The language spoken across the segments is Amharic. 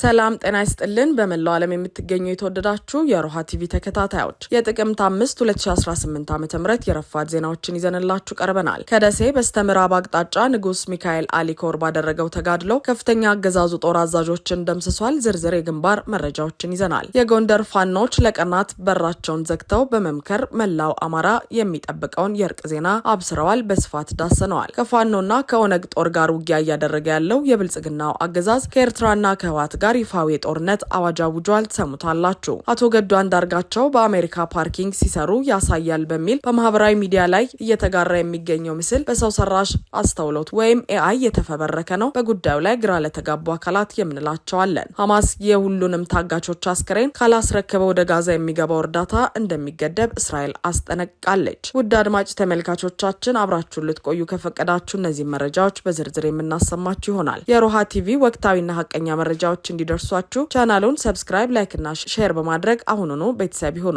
ሰላም ጤና ይስጥልን። በመላው ዓለም የምትገኙ የተወደዳችሁ የሮሃ ቲቪ ተከታታዮች የጥቅምት አምስት 2018 ዓ ም የረፋድ ዜናዎችን ይዘንላችሁ ቀርበናል። ከደሴ በስተ ምዕራብ አቅጣጫ ንጉስ ሚካኤል አሊኮር ባደረገው ተጋድሎ ከፍተኛ አገዛዙ ጦር አዛዦችን ደምስሷል። ዝርዝር የግንባር መረጃዎችን ይዘናል። የጎንደር ፋኖች ለቀናት በራቸውን ዘግተው በመምከር መላው አማራ የሚጠብቀውን የእርቅ ዜና አብስረዋል፣ በስፋት ዳሰነዋል። ከፋኖና ከኦነግ ጦር ጋር ውጊያ እያደረገ ያለው የብልጽግናው አገዛዝ ከኤርትራና ከህወሓት ጋር ጋር ይፋዊ የጦርነት አዋጅ አውጇል። ትሰሙታላችሁ። አቶ ገዱ አንዳርጋቸው በአሜሪካ ፓርኪንግ ሲሰሩ ያሳያል በሚል በማህበራዊ ሚዲያ ላይ እየተጋራ የሚገኘው ምስል በሰው ሰራሽ አስተውሎት ወይም ኤአይ የተፈበረከ ነው። በጉዳዩ ላይ ግራ ለተጋቡ አካላት የምንላቸዋለን። ሐማስ የሁሉንም ታጋቾች አስክሬን ካላስረከበ ወደ ጋዛ የሚገባው እርዳታ እንደሚገደብ እስራኤል አስጠነቅቃለች። ውድ አድማጭ ተመልካቾቻችን አብራችሁን ልትቆዩ ከፈቀዳችሁ እነዚህ መረጃዎች በዝርዝር የምናሰማችሁ ይሆናል። የሮሃ ቲቪ ወቅታዊና ሀቀኛ መረጃዎችን እንዲደርሷችሁ ቻናሉን ሰብስክራይብ፣ ላይክና ሼር በማድረግ አሁኑኑ ቤተሰብ ይሁኑ።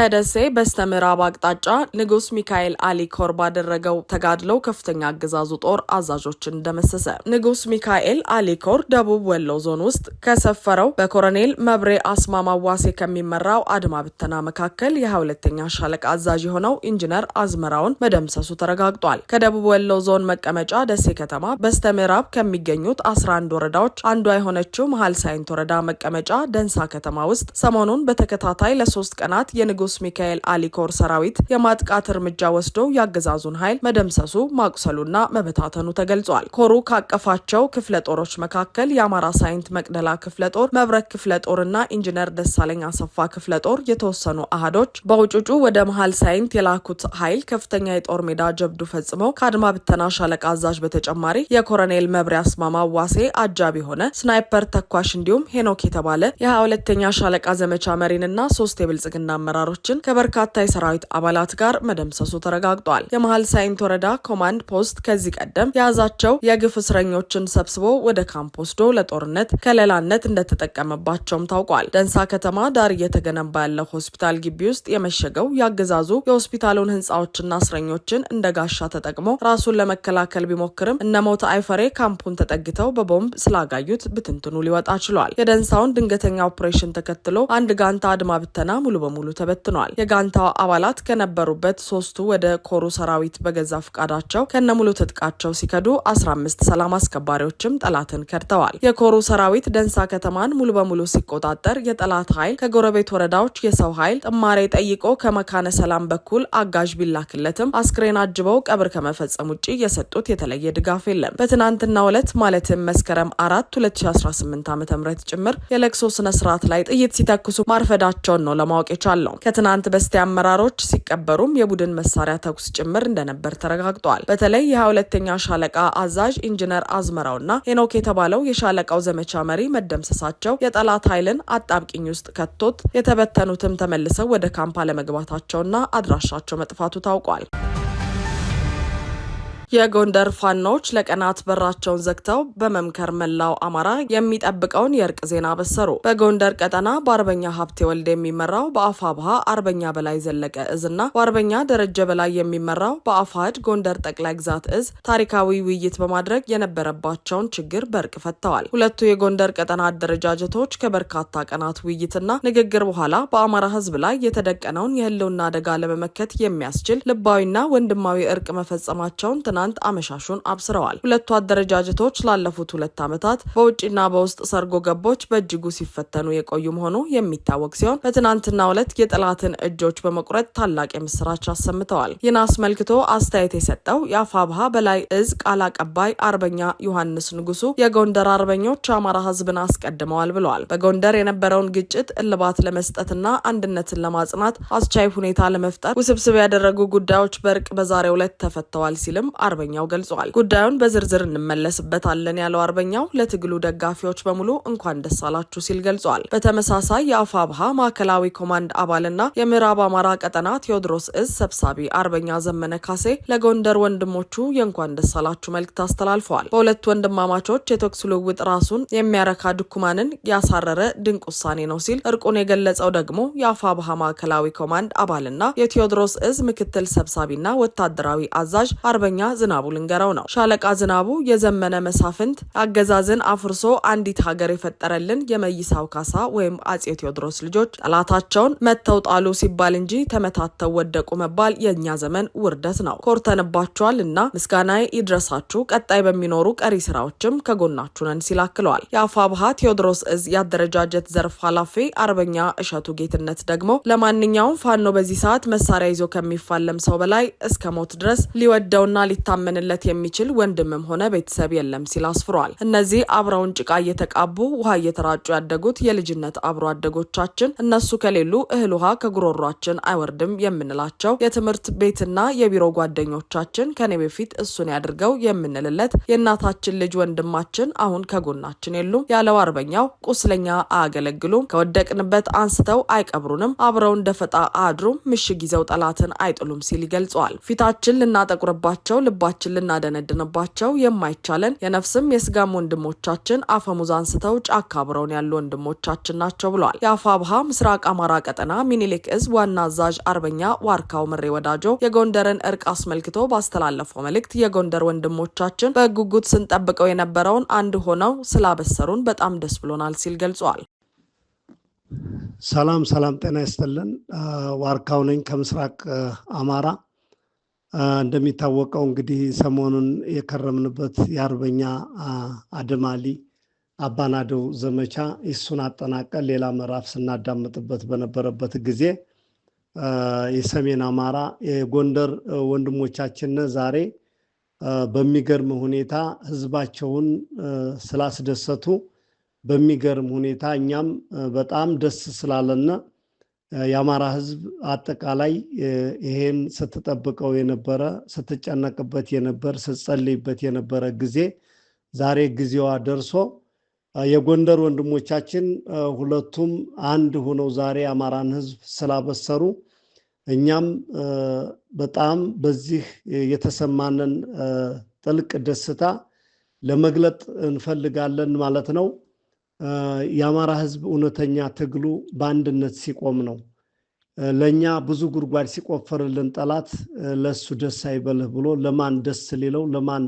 ከደሴ በስተ ምዕራብ አቅጣጫ ንጉስ ሚካኤል አሊ ኮር ባደረገው ተጋድሎ ከፍተኛ አገዛዙ ጦር አዛዦችን ደመሰሰ። ንጉስ ሚካኤል አሊ ኮር ደቡብ ወሎ ዞን ውስጥ ከሰፈረው በኮሎኔል መብሬ ዋሴ ከሚመራው አድማ ብተና መካከል የ22ኛ ሻለቃ አዛዥ የሆነው ኢንጂነር አዝመራውን መደምሰሱ ተረጋግጧል። ከደቡብ ወሎ ዞን መቀመጫ ደሴ ከተማ በስተ ምዕራብ ከሚገኙት 11 ወረዳዎች አንዷ የሆነችው መሀል ሳይንት ወረዳ መቀመጫ ደንሳ ከተማ ውስጥ ሰሞኑን በተከታታይ ለሶስት ቀናት የንጉስ ቅዱስ ሚካኤል አሊኮር ሰራዊት የማጥቃት እርምጃ ወስዶ የአገዛዙን ኃይል መደምሰሱ ማቁሰሉና መበታተኑ ተገልጿል። ኮሩ ካቀፋቸው ክፍለ ጦሮች መካከል የአማራ ሳይንት መቅደላ ክፍለ ጦር፣ መብረክ ክፍለ ጦር እና ኢንጂነር ደሳለኝ አሰፋ ክፍለ ጦር የተወሰኑ አህዶች በውጩጩ ወደ መሀል ሳይንት የላኩት ኃይል ከፍተኛ የጦር ሜዳ ጀብዱ ፈጽመው ከአድማ ብተና ሻለቃ አዛዥ በተጨማሪ የኮረኔል መብሪያ አስማማ ዋሴ አጃቢ የሆነ ስናይፐር ተኳሽ እንዲሁም ሄኖክ የተባለ የ 2 ሁለተኛ ሻለቃ ዘመቻ መሪንና ሶስት የብልጽግና አመራር አመራሮችን ከበርካታ የሰራዊት አባላት ጋር መደምሰሱ ተረጋግጧል። የመሀል ሳይንት ወረዳ ኮማንድ ፖስት ከዚህ ቀደም የያዛቸው የግፍ እስረኞችን ሰብስቦ ወደ ካምፕ ወስዶ ለጦርነት ከለላነት እንደተጠቀመባቸውም ታውቋል። ደንሳ ከተማ ዳር እየተገነባ ያለው ሆስፒታል ግቢ ውስጥ የመሸገው ያገዛዙ የሆስፒታሉን ህንፃዎችና እስረኞችን እንደ ጋሻ ተጠቅሞ ራሱን ለመከላከል ቢሞክርም እነ ሞተ አይፈሬ ካምፑን ተጠግተው በቦምብ ስላጋዩት ብትንትኑ ሊወጣ ችሏል። የደንሳውን ድንገተኛ ኦፕሬሽን ተከትሎ አንድ ጋንታ አድማ ብተና ሙሉ በሙሉ ተበ ተበትኗል። የጋንታ አባላት ከነበሩበት ሶስቱ ወደ ኮሩ ሰራዊት በገዛ ፈቃዳቸው ከነሙሉ ትጥቃቸው ሲከዱ አስራ አምስት ሰላም አስከባሪዎችም ጠላትን ከድተዋል። የኮሩ ሰራዊት ደንሳ ከተማን ሙሉ በሙሉ ሲቆጣጠር የጠላት ኃይል ከጎረቤት ወረዳዎች የሰው ኃይል ጥማሬ ጠይቆ ከመካነ ሰላም በኩል አጋዥ ቢላክለትም አስክሬን አጅበው ቀብር ከመፈጸም ውጭ የሰጡት የተለየ ድጋፍ የለም። በትናንትና ዕለት ማለትም መስከረም አራት 2018 ዓ ም ጭምር የለቅሶ ስነስርዓት ላይ ጥይት ሲተኩሱ ማርፈዳቸውን ነው ለማወቅ የቻለው። ከትናንት በስቲያ አመራሮች ሲቀበሩም የቡድን መሳሪያ ተኩስ ጭምር እንደነበር ተረጋግጧል። በተለይ የሃያ ሁለተኛ ሻለቃ አዛዥ ኢንጂነር አዝመራውና ሄኖክ የተባለው የሻለቃው ዘመቻ መሪ መደምሰሳቸው የጠላት ኃይልን አጣብቂኝ ውስጥ ከቶት የተበተኑትም ተመልሰው ወደ ካምፕ አለመግባታቸውና አድራሻቸው መጥፋቱ ታውቋል። የጎንደር ፋኖች ለቀናት በራቸውን ዘግተው በመምከር መላው አማራ የሚጠብቀውን የእርቅ ዜና በሰሩ። በጎንደር ቀጠና በአርበኛ ሀብቴ ወልድ የሚመራው በአፋብሃ አርበኛ በላይ ዘለቀ እዝ እና በአርበኛ ደረጀ በላይ የሚመራው በአፋድ ጎንደር ጠቅላይ ግዛት እዝ ታሪካዊ ውይይት በማድረግ የነበረባቸውን ችግር በእርቅ ፈተዋል። ሁለቱ የጎንደር ቀጠና አደረጃጀቶች ከበርካታ ቀናት ውይይትና ንግግር በኋላ በአማራ ሕዝብ ላይ የተደቀነውን የህልውና አደጋ ለመመከት የሚያስችል ልባዊና ወንድማዊ እርቅ መፈጸማቸውን ትናንት አመሻሹን አብስረዋል። ሁለቱ አደረጃጀቶች ላለፉት ሁለት ዓመታት በውጭና በውስጥ ሰርጎ ገቦች በእጅጉ ሲፈተኑ የቆዩ መሆኑ የሚታወቅ ሲሆን በትናንትና ዕለት የጠላትን እጆች በመቁረጥ ታላቅ የምስራች አሰምተዋል። ይህን አስመልክቶ አስተያየት የሰጠው የአፋብሃ በላይ እዝ ቃል አቀባይ አርበኛ ዮሐንስ ንጉሱ የጎንደር አርበኞች የአማራ ሕዝብን አስቀድመዋል ብለዋል። በጎንደር የነበረውን ግጭት እልባት ለመስጠትና አንድነትን ለማጽናት አስቻይ ሁኔታ ለመፍጠር ውስብስብ ያደረጉ ጉዳዮች በእርቅ በዛሬው ዕለት ተፈተዋል ሲልም አርበኛው ገልጿል። ጉዳዩን በዝርዝር እንመለስበታለን ያለው አርበኛው ለትግሉ ደጋፊዎች በሙሉ እንኳን ደስ አላችሁ ሲል ገልጿል። በተመሳሳይ ብሃ ማዕከላዊ ኮማንድ አባልና የምዕራብ አማራ ቀጠና ቴዎድሮስ እዝ ሰብሳቢ አርበኛ ዘመነ ካሴ ለጎንደር ወንድሞቹ የእንኳን ደስ አላችሁ መልእክት አስተላልፈዋል። በሁለት ወንድማማቾች የተኩስ ልውውጥ ራሱን የሚያረካ ድኩማንን ያሳረረ ድንቅ ውሳኔ ነው ሲል እርቁን የገለጸው ደግሞ ብሃ ማዕከላዊ ኮማንድ አባልና የቴዎድሮስ እዝ ምክትል ሰብሳቢና ወታደራዊ አዛዥ አርበኛ ዝናቡ ልንገረው ነው። ሻለቃ ዝናቡ የዘመነ መሳፍንት አገዛዝን አፍርሶ አንዲት ሀገር የፈጠረልን የመይሳው ካሳ ወይም አጼ ቴዎድሮስ ልጆች ጠላታቸውን መተው ጣሉ ሲባል እንጂ ተመታተው ወደቁ መባል የእኛ ዘመን ውርደት ነው። ኮርተንባችኋል እና ምስጋናዬ ይድረሳችሁ። ቀጣይ በሚኖሩ ቀሪ ስራዎችም ከጎናችሁ ነን ሲል አክለዋል። የአፋብሃ ቴዎድሮስ እዝ የአደረጃጀት ዘርፍ ኃላፊ አርበኛ እሸቱ ጌትነት ደግሞ ለማንኛውም ፋኖ በዚህ ሰዓት መሳሪያ ይዞ ከሚፋለም ሰው በላይ እስከ ሞት ድረስ ሊወደውና ሊታ ሊታመንለት የሚችል ወንድምም ሆነ ቤተሰብ የለም ሲል አስፍሯል። እነዚህ አብረውን ጭቃ እየተቃቡ ውሃ እየተራጩ ያደጉት የልጅነት አብሮ አደጎቻችን እነሱ ከሌሉ እህል ውሃ ከጉሮሯችን አይወርድም የምንላቸው የትምህርት ቤትና የቢሮ ጓደኞቻችን ከኔ በፊት እሱን ያድርገው የምንልለት የእናታችን ልጅ ወንድማችን አሁን ከጎናችን የሉም ያለው አርበኛው ቁስለኛ አያገለግሉም፣ ከወደቅንበት አንስተው አይቀብሩንም፣ አብረው እንደፈጣ አድሩም፣ ምሽግ ይዘው ጠላትን አይጥሉም ሲል ይገልጸዋል። ፊታችን ልናጠቁርባቸው በልባችን ልናደነድንባቸው የማይቻለን የነፍስም የስጋም ወንድሞቻችን አፈሙዝ አንስተው ጫካ አብረውን ያሉ ወንድሞቻችን ናቸው ብለዋል። የአፋብሃ ምስራቅ አማራ ቀጠና ሚኒሊክ እዝ ዋና አዛዥ አርበኛ ዋርካው ምሬ ወዳጆ የጎንደርን እርቅ አስመልክቶ ባስተላለፈው መልእክት የጎንደር ወንድሞቻችን በጉጉት ስንጠብቀው የነበረውን አንድ ሆነው ስላበሰሩን በጣም ደስ ብሎናል ሲል ገልጿል። ሰላም ሰላም፣ ጤና ይስጥልን። ዋርካው ነኝ ከምስራቅ አማራ እንደሚታወቀው እንግዲህ ሰሞኑን የከረምንበት የአርበኛ አደማሊ አባናደው ዘመቻ እሱን አጠናቀን ሌላ ምዕራፍ ስናዳምጥበት በነበረበት ጊዜ የሰሜን አማራ የጎንደር ወንድሞቻችን ዛሬ በሚገርም ሁኔታ ህዝባቸውን ስላስደሰቱ በሚገርም ሁኔታ እኛም በጣም ደስ ስላለና የአማራ ህዝብ አጠቃላይ ይሄን ስትጠብቀው የነበረ ስትጨነቅበት የነበር ስትጸልይበት የነበረ ጊዜ ዛሬ ጊዜዋ ደርሶ የጎንደር ወንድሞቻችን ሁለቱም አንድ ሆነው ዛሬ የአማራን ህዝብ ስላበሰሩ እኛም በጣም በዚህ የተሰማንን ጥልቅ ደስታ ለመግለጥ እንፈልጋለን ማለት ነው። የአማራ ህዝብ እውነተኛ ትግሉ በአንድነት ሲቆም ነው። ለእኛ ብዙ ጉድጓድ ሲቆፈርልን ጠላት ለእሱ ደስ አይበልህ ብሎ ለማን ደስ ሊለው ለማን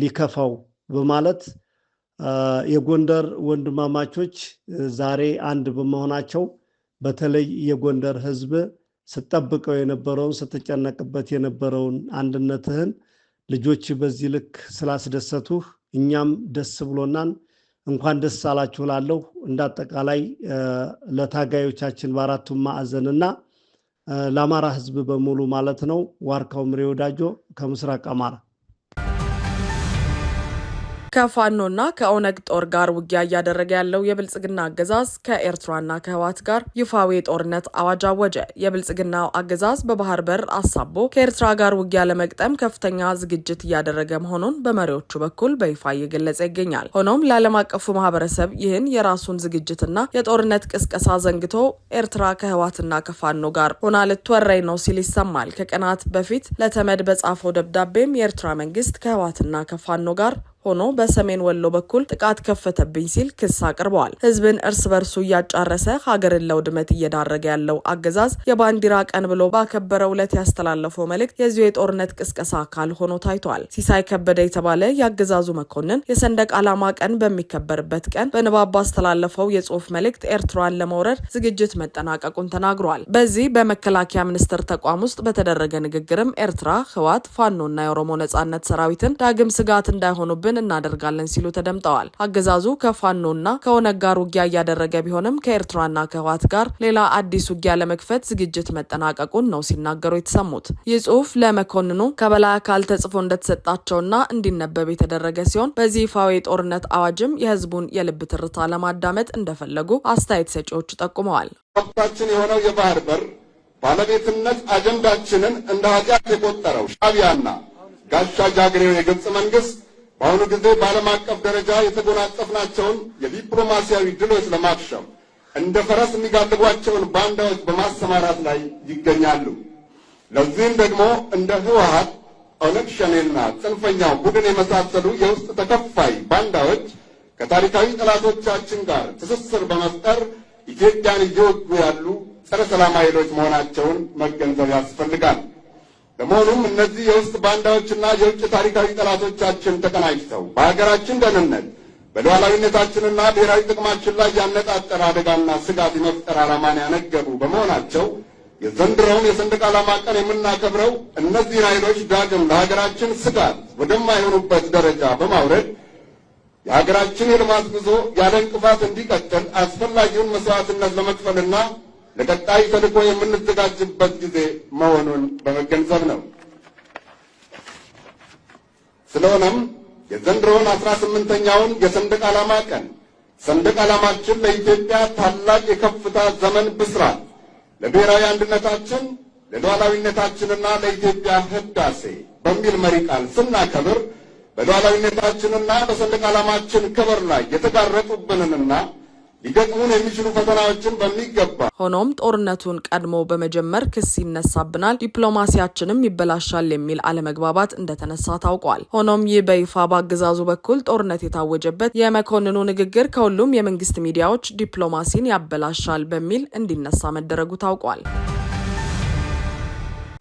ሊከፋው በማለት የጎንደር ወንድማማቾች ዛሬ አንድ በመሆናቸው በተለይ የጎንደር ህዝብ ስጠብቀው የነበረውን ስትጨነቅበት የነበረውን አንድነትህን ልጆች በዚህ ልክ ስላስደሰቱህ እኛም ደስ ብሎናን እንኳን ደስ አላችሁ ላለሁ እንዳጠቃላይ ለታጋዮቻችን በአራቱም ማዕዘንና ለአማራ ህዝብ በሙሉ ማለት ነው። ዋርካው ምሬ ወዳጆ ከምስራቅ አማራ ከፋኖና ከኦነግ ጦር ጋር ውጊያ እያደረገ ያለው የብልጽግና አገዛዝ ከኤርትራና ከህዋት ጋር ይፋዊ የጦርነት አዋጅ አወጀ። የብልጽግናው አገዛዝ በባህር በር አሳቦ ከኤርትራ ጋር ውጊያ ለመግጠም ከፍተኛ ዝግጅት እያደረገ መሆኑን በመሪዎቹ በኩል በይፋ እየገለጸ ይገኛል። ሆኖም ለዓለም አቀፉ ማህበረሰብ ይህን የራሱን ዝግጅትና የጦርነት ቅስቀሳ ዘንግቶ ኤርትራ ከህዋትና ከፋኖ ጋር ሆና ልትወራይ ነው ሲል ይሰማል። ከቀናት በፊት ለተመድ በጻፈው ደብዳቤም የኤርትራ መንግስት ከህዋትና ከፋኖ ጋር ሆኖ በሰሜን ወሎ በኩል ጥቃት ከፈተብኝ ሲል ክስ አቅርበዋል። ህዝብን እርስ በርሱ እያጫረሰ ሀገርን ለውድመት እየዳረገ ያለው አገዛዝ የባንዲራ ቀን ብሎ ባከበረው ዕለት ያስተላለፈው መልእክት የዚሁ የጦርነት ቅስቀሳ አካል ሆኖ ታይቷል። ሲሳይ ከበደ የተባለ የአገዛዙ መኮንን የሰንደቅ ዓላማ ቀን በሚከበርበት ቀን በንባብ ባስተላለፈው የጽሁፍ መልእክት ኤርትራን ለመውረድ ዝግጅት መጠናቀቁን ተናግሯል። በዚህ በመከላከያ ሚኒስቴር ተቋም ውስጥ በተደረገ ንግግርም ኤርትራ፣ ህዋት፣ ፋኖና የኦሮሞ ነጻነት ሰራዊትን ዳግም ስጋት እንዳይሆኑብን ምን እናደርጋለን ሲሉ ተደምጠዋል። አገዛዙ ከፋኖና ከኦነግ ጋር ውጊያ እያደረገ ቢሆንም ከኤርትራና ከህወሓት ጋር ሌላ አዲስ ውጊያ ለመክፈት ዝግጅት መጠናቀቁን ነው ሲናገሩ የተሰሙት። ይህ ጽሁፍ ለመኮንኑ ከበላይ አካል ተጽፎ እንደተሰጣቸውና እንዲነበብ የተደረገ ሲሆን በዚህ ይፋዊ የጦርነት አዋጅም የህዝቡን የልብ ትርታ ለማዳመጥ እንደፈለጉ አስተያየት ሰጪዎቹ ጠቁመዋል። ወቅታችን የሆነው የባህር በር ባለቤትነት አጀንዳችንን እንደ ኃጢአት የቆጠረው ሻቢያና ጋሻ ጃግሬው የግብፅ መንግስት በአሁኑ ጊዜ በዓለም አቀፍ ደረጃ የተጎናጸፍናቸውን የዲፕሎማሲያዊ ድሎች ለማክሸም እንደ ፈረስ የሚጋልቧቸውን ባንዳዎች በማሰማራት ላይ ይገኛሉ። ለዚህም ደግሞ እንደ ህወሀት፣ ኦነግ ሸኔና ጽንፈኛው ቡድን የመሳሰሉ የውስጥ ተከፋይ ባንዳዎች ከታሪካዊ ጠላቶቻችን ጋር ትስስር በመፍጠር ኢትዮጵያን እየወጉ ያሉ ጸረ ሰላም ኃይሎች መሆናቸውን መገንዘብ ያስፈልጋል። በመሆኑም እነዚህ የውስጥ ባንዳዎችና የውጭ ታሪካዊ ጠላቶቻችን ተቀናጅተው በሀገራችን ደህንነት በሉዓላዊነታችንና ብሔራዊ ጥቅማችን ላይ ያነጣጠረ አደጋና ስጋት የመፍጠር ዓላማን ያነገቡ በመሆናቸው የዘንድሮውን የሰንደቅ ዓላማ ቀን የምናከብረው እነዚህን ኃይሎች ዳግም ለሀገራችን ስጋት ወደማይሆኑበት ደረጃ በማውረድ የሀገራችን የልማት ጉዞ ያለ እንቅፋት እንዲቀጥል አስፈላጊውን መስዋዕትነት ለመክፈልና ለቀጣይ ተልዕኮ የምንዘጋጅበት ጊዜ መሆኑን በመገንዘብ ነው። ስለሆነም የዘንድሮውን አስራ ስምንተኛውን የሰንደቅ ዓላማ ቀን ሰንደቅ ዓላማችን ለኢትዮጵያ ታላቅ የከፍታ ዘመን ብስራት፣ ለብሔራዊ አንድነታችን፣ ለሉዓላዊነታችንና ለኢትዮጵያ ህዳሴ በሚል መሪ ቃል ስናከብር በሉዓላዊነታችንና በሰንደቅ ዓላማችን ክብር ላይ የተጋረጡብንንና ሊገጥሙን የሚችሉ ፈተናዎችን በሚገባ ሆኖም ጦርነቱን ቀድሞ በመጀመር ክስ ይነሳብናል፣ ዲፕሎማሲያችንም ይበላሻል የሚል አለመግባባት እንደተነሳ ታውቋል። ሆኖም ይህ በይፋ በአገዛዙ በኩል ጦርነት የታወጀበት የመኮንኑ ንግግር ከሁሉም የመንግስት ሚዲያዎች ዲፕሎማሲን ያበላሻል በሚል እንዲነሳ መደረጉ ታውቋል።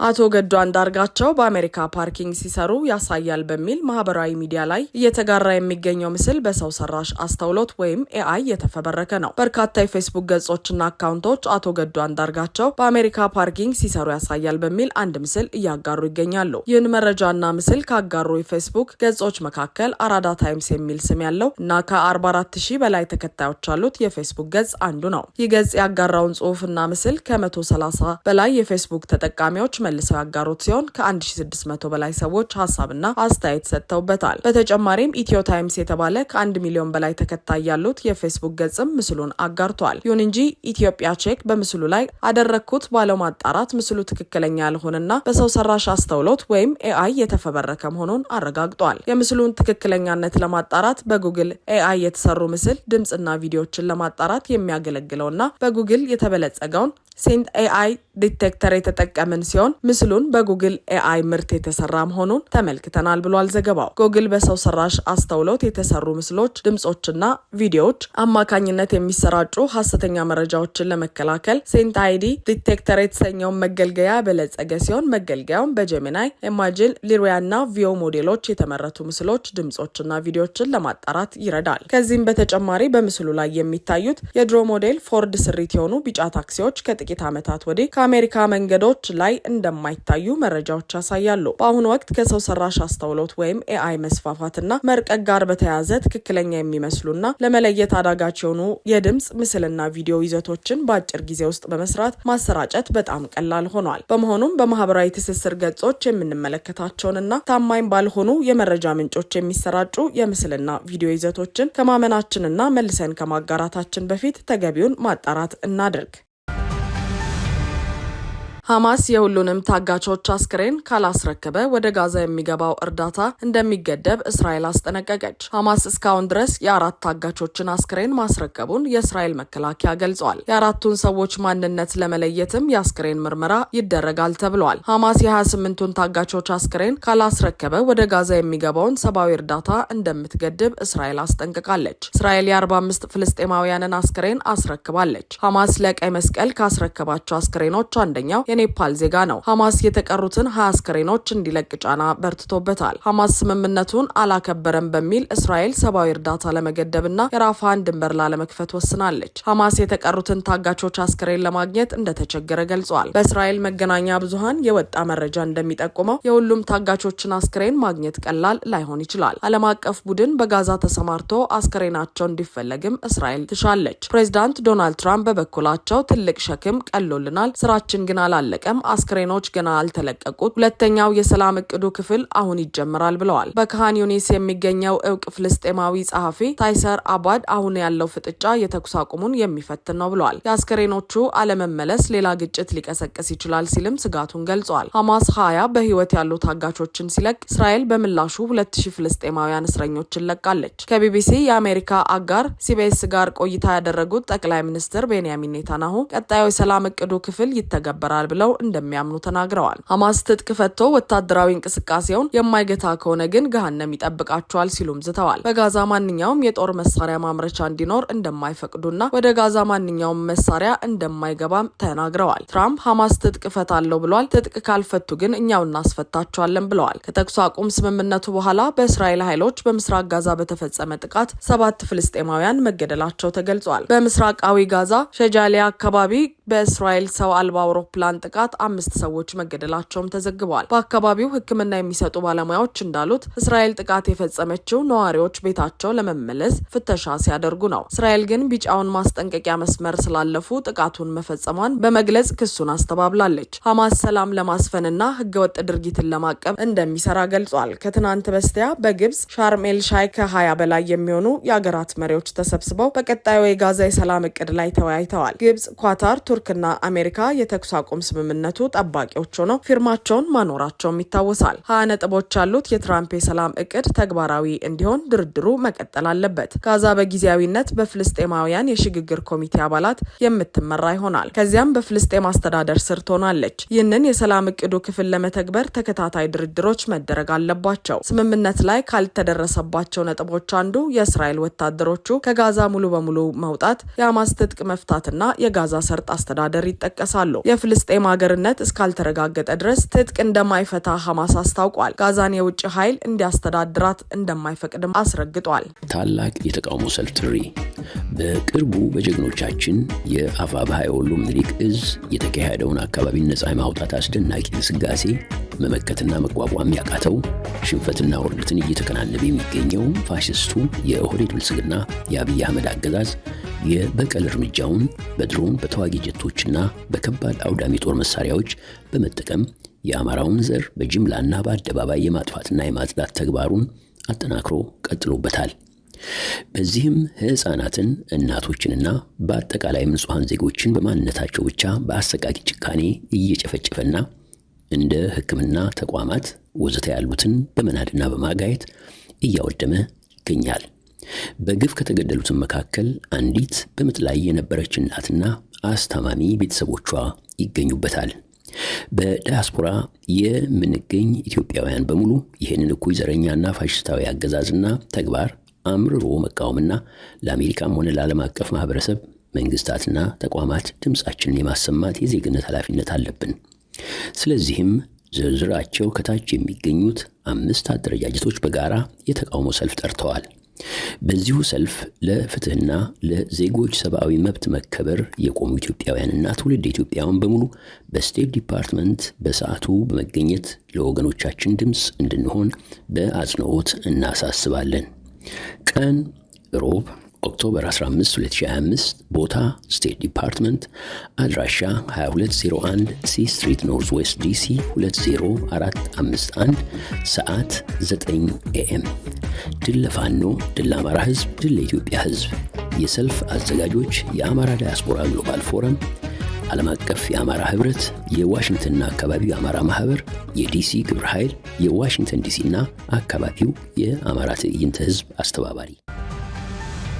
አቶ ገዱ አንዳርጋቸው በአሜሪካ ፓርኪንግ ሲሰሩ ያሳያል በሚል ማህበራዊ ሚዲያ ላይ እየተጋራ የሚገኘው ምስል በሰው ሰራሽ አስተውሎት ወይም ኤአይ የተፈበረከ ነው። በርካታ የፌስቡክ ገጾችና አካውንቶች አቶ ገዱ አንዳርጋቸው በአሜሪካ ፓርኪንግ ሲሰሩ ያሳያል በሚል አንድ ምስል እያጋሩ ይገኛሉ። ይህን መረጃና ምስል ካጋሩ የፌስቡክ ገጾች መካከል አራዳ ታይምስ የሚል ስም ያለው እና ከ44 ሺህ በላይ ተከታዮች ያሉት የፌስቡክ ገጽ አንዱ ነው። ይህ ገጽ ያጋራውን ጽሑፍና ምስል ከ130 በላይ የፌስቡክ ተጠቃሚዎች መልሰው ያጋሩት ሲሆን ከ1600 በላይ ሰዎች ሀሳብና አስተያየት ሰጥተውበታል። በተጨማሪም ኢትዮ ታይምስ የተባለ ከአንድ ሚሊዮን በላይ ተከታይ ያሉት የፌስቡክ ገጽም ምስሉን አጋርቷል። ይሁን እንጂ ኢትዮጵያ ቼክ በምስሉ ላይ አደረግኩት ባለው ማጣራት ምስሉ ትክክለኛ ያልሆነና በሰው ሰራሽ አስተውሎት ወይም ኤአይ የተፈበረከ መሆኑን አረጋግጧል። የምስሉን ትክክለኛነት ለማጣራት በጉግል ኤአይ የተሰሩ ምስል፣ ድምፅና ቪዲዮዎችን ለማጣራት የሚያገለግለውና በጉግል የተበለጸገውን ሴንት ኤአይ ዲቴክተር የተጠቀምን ሲሆን ምስሉን በጉግል ኤአይ ምርት የተሰራ መሆኑን ተመልክተናል ብሏል ዘገባው። ጉግል በሰው ሰራሽ አስተውሎት የተሰሩ ምስሎች፣ ድምጾችና ቪዲዮዎች አማካኝነት የሚሰራጩ ሀሰተኛ መረጃዎችን ለመከላከል ሴንት አይዲ ዲቴክተር የተሰኘውን መገልገያ በለጸገ ሲሆን መገልገያውን በጀሚናይ ኢማጂን፣ ሊሪያ እና ቪዮ ሞዴሎች የተመረቱ ምስሎች፣ ድምጾችና ቪዲዮዎችን ለማጣራት ይረዳል። ከዚህም በተጨማሪ በምስሉ ላይ የሚታዩት የድሮ ሞዴል ፎርድ ስሪት የሆኑ ቢጫ ታክሲዎች ከጥቂት ዓመታት ወዲህ የአሜሪካ መንገዶች ላይ እንደማይታዩ መረጃዎች ያሳያሉ። በአሁኑ ወቅት ከሰው ሰራሽ አስተውሎት ወይም ኤአይ መስፋፋትና መርቀቅ ጋር በተያያዘ ትክክለኛ የሚመስሉና ለመለየት አዳጋች የሆኑ የድምፅ ምስልና ቪዲዮ ይዘቶችን በአጭር ጊዜ ውስጥ በመስራት ማሰራጨት በጣም ቀላል ሆኗል። በመሆኑም በማህበራዊ ትስስር ገጾች የምንመለከታቸውንና ታማኝ ባልሆኑ የመረጃ ምንጮች የሚሰራጩ የምስልና ቪዲዮ ይዘቶችን ከማመናችንና መልሰን ከማጋራታችን በፊት ተገቢውን ማጣራት እናድርግ። ሐማስ የሁሉንም ታጋቾች አስክሬን ካላስረከበ ወደ ጋዛ የሚገባው እርዳታ እንደሚገደብ እስራኤል አስጠነቀቀች። ሐማስ እስካሁን ድረስ የአራት ታጋቾችን አስክሬን ማስረከቡን የእስራኤል መከላከያ ገልጿል። የአራቱን ሰዎች ማንነት ለመለየትም የአስክሬን ምርመራ ይደረጋል ተብሏል። ሐማስ የ28ቱን ታጋቾች አስክሬን ካላስረከበ ወደ ጋዛ የሚገባውን ሰብአዊ እርዳታ እንደምትገድብ እስራኤል አስጠንቅቃለች። እስራኤል የ45 ፍልስጤማውያንን አስክሬን አስረክባለች። ሐማስ ለቀይ መስቀል ካስረከባቸው አስክሬኖች አንደኛው የኔፓል ዜጋ ነው። ሐማስ የተቀሩትን ሀያ አስከሬኖች እንዲለቅ ጫና በርትቶበታል። ሐማስ ስምምነቱን አላከበረም በሚል እስራኤል ሰብአዊ እርዳታ ለመገደብና የራፋን ድንበር ላለመክፈት ወስናለች። ሐማስ የተቀሩትን ታጋቾች አስከሬን ለማግኘት እንደተቸገረ ገልጿል። በእስራኤል መገናኛ ብዙሀን የወጣ መረጃ እንደሚጠቁመው የሁሉም ታጋቾችን አስከሬን ማግኘት ቀላል ላይሆን ይችላል። ዓለም አቀፍ ቡድን በጋዛ ተሰማርቶ አስከሬናቸው እንዲፈለግም እስራኤል ትሻለች። ፕሬዚዳንት ዶናልድ ትራምፕ በበኩላቸው ትልቅ ሸክም ቀሎልናል፣ ስራችን ግን አላለ አላለቀም፣ አስክሬኖች ገና አልተለቀቁት፣ ሁለተኛው የሰላም እቅዱ ክፍል አሁን ይጀምራል ብለዋል። በካን ዩኒስ የሚገኘው እውቅ ፍልስጤማዊ ጸሐፊ ታይሰር አባድ አሁን ያለው ፍጥጫ የተኩስ አቁሙን የሚፈትን ነው ብለዋል። የአስክሬኖቹ አለመመለስ ሌላ ግጭት ሊቀሰቅስ ይችላል ሲልም ስጋቱን ገልጿል። ሐማስ ሀያ በህይወት ያሉ ታጋቾችን ሲለቅ እስራኤል በምላሹ ሁለት ሺህ ፍልስጤማውያን እስረኞችን ለቃለች። ከቢቢሲ የአሜሪካ አጋር ሲቢኤስ ጋር ቆይታ ያደረጉት ጠቅላይ ሚኒስትር ቤንያሚን ኔታናሁ ቀጣዩ የሰላም እቅዱ ክፍል ይተገበራል ብለው እንደሚያምኑ ተናግረዋል። ሐማስ ትጥቅ ፈቶ ወታደራዊ እንቅስቃሴውን የማይገታ ከሆነ ግን ገሃነም ይጠብቃቸዋል ሲሉም ዝተዋል። በጋዛ ማንኛውም የጦር መሳሪያ ማምረቻ እንዲኖር እንደማይፈቅዱና ወደ ጋዛ ማንኛውም መሳሪያ እንደማይገባም ተናግረዋል። ትራምፕ ሐማስ ትጥቅ ፈታለሁ ብሏል። ትጥቅ ካልፈቱ ግን እኛው እናስፈታቸዋለን ብለዋል። ከተኩስ አቁም ስምምነቱ በኋላ በእስራኤል ኃይሎች በምስራቅ ጋዛ በተፈጸመ ጥቃት ሰባት ፍልስጤማውያን መገደላቸው ተገልጿል። በምስራቃዊ ጋዛ ሸጃሊያ አካባቢ በእስራኤል ሰው አልባ አውሮፕላን ጥቃት አምስት ሰዎች መገደላቸውም ተዘግቧል። በአካባቢው ሕክምና የሚሰጡ ባለሙያዎች እንዳሉት እስራኤል ጥቃት የፈጸመችው ነዋሪዎች ቤታቸው ለመመለስ ፍተሻ ሲያደርጉ ነው። እስራኤል ግን ቢጫውን ማስጠንቀቂያ መስመር ስላለፉ ጥቃቱን መፈጸሟን በመግለጽ ክሱን አስተባብላለች። ሐማስ ሰላም ለማስፈንና ሕገወጥ ድርጊትን ለማቀብ እንደሚሰራ ገልጿል። ከትናንት በስቲያ በግብጽ ሻርም ኤል ሻይ ከሀያ በላይ የሚሆኑ የአገራት መሪዎች ተሰብስበው በቀጣዩ የጋዛ የሰላም እቅድ ላይ ተወያይተዋል። ግብጽ፣ ኳታር፣ ቱርክና አሜሪካ የተኩስ አቁም ስምምነቱ ጠባቂዎች ሆነው ፊርማቸውን ማኖራቸውም ይታወሳል። ሀያ ነጥቦች ያሉት የትራምፕ የሰላም እቅድ ተግባራዊ እንዲሆን ድርድሩ መቀጠል አለበት። ጋዛ በጊዜያዊነት በፍልስጤማውያን የሽግግር ኮሚቴ አባላት የምትመራ ይሆናል። ከዚያም በፍልስጤም አስተዳደር ስር ትሆናለች። ይህንን የሰላም እቅዱ ክፍል ለመተግበር ተከታታይ ድርድሮች መደረግ አለባቸው። ስምምነት ላይ ካልተደረሰባቸው ነጥቦች አንዱ የእስራኤል ወታደሮቹ ከጋዛ ሙሉ በሙሉ መውጣት፣ የአማስ ትጥቅ መፍታትና የጋዛ ሰርጥ አስተዳደር ይጠቀሳሉ። የፍልስጤም የሙስሊም ሀገርነት እስካልተረጋገጠ ድረስ ትጥቅ እንደማይፈታ ሐማስ አስታውቋል። ጋዛን የውጭ ኃይል እንዲያስተዳድራት እንደማይፈቅድም አስረግጧል። ታላቅ የተቃውሞ ሰልፍ ጥሪ በቅርቡ በጀግኖቻችን የአፋብኃ ወሎ ምኒልክ እዝ የተካሄደውን አካባቢ ነጻ የማውጣት አስደናቂ ግስጋሴ መመከትና መቋቋም ያቃተው ሽንፈትና ውርደትን እየተከናነበ የሚገኘው ፋሽስቱ የኦህዴድ ብልጽግና የአብይ አህመድ አገዛዝ የበቀል እርምጃውን በድሮን በተዋጊ ጀቶችና በከባድ አውዳሚ ጦር መሳሪያዎች በመጠቀም የአማራውን ዘር በጅምላና በአደባባይ የማጥፋትና የማጽዳት ተግባሩን አጠናክሮ ቀጥሎበታል። በዚህም ሕፃናትን እናቶችንና በአጠቃላይ ንጹሐን ዜጎችን በማንነታቸው ብቻ በአሰቃቂ ጭካኔ እየጨፈጨፈና እንደ ሕክምና ተቋማት ወዘተ ያሉትን በመናድና በማጋየት እያወደመ ይገኛል። በግፍ ከተገደሉት መካከል አንዲት በምጥ ላይ የነበረች እናትና አስታማሚ ቤተሰቦቿ ይገኙበታል። በዳያስፖራ የምንገኝ ኢትዮጵያውያን በሙሉ ይህንን እኩይ ዘረኛና ፋሽስታዊ አገዛዝና ተግባር አምርሮ መቃወምና ለአሜሪካም ሆነ ለዓለም አቀፍ ማህበረሰብ መንግስታትና ተቋማት ድምፃችንን የማሰማት የዜግነት ኃላፊነት አለብን። ስለዚህም ዝርዝራቸው ከታች የሚገኙት አምስት አደረጃጀቶች በጋራ የተቃውሞ ሰልፍ ጠርተዋል። በዚሁ ሰልፍ ለፍትህና ለዜጎች ሰብአዊ መብት መከበር የቆሙ ኢትዮጵያውያንና ትውልድ ኢትዮጵያውያን በሙሉ በስቴት ዲፓርትመንት በሰዓቱ በመገኘት ለወገኖቻችን ድምፅ እንድንሆን በአጽንኦት እናሳስባለን። ቀን ሮብ ኦክቶበር 15 2025 ቦታ ስቴት ዲፓርትመንት አድራሻ 2201 ሲ ስትሪት ኖርዝ ዌስት ዲሲ 20451 ሰዓት 9 ኤኤም ድል ለፋኖ ድል ለአማራ ህዝብ ድል ለኢትዮጵያ ህዝብ የሰልፍ አዘጋጆች የአማራ ዳያስፖራ ግሎባል ፎረም ዓለም አቀፍ የአማራ ህብረት የዋሽንግተንና አካባቢው የአማራ ማህበር የዲሲ ግብረ ኃይል የዋሽንግተን ዲሲና አካባቢው የአማራ ትዕይንተ ህዝብ አስተባባሪ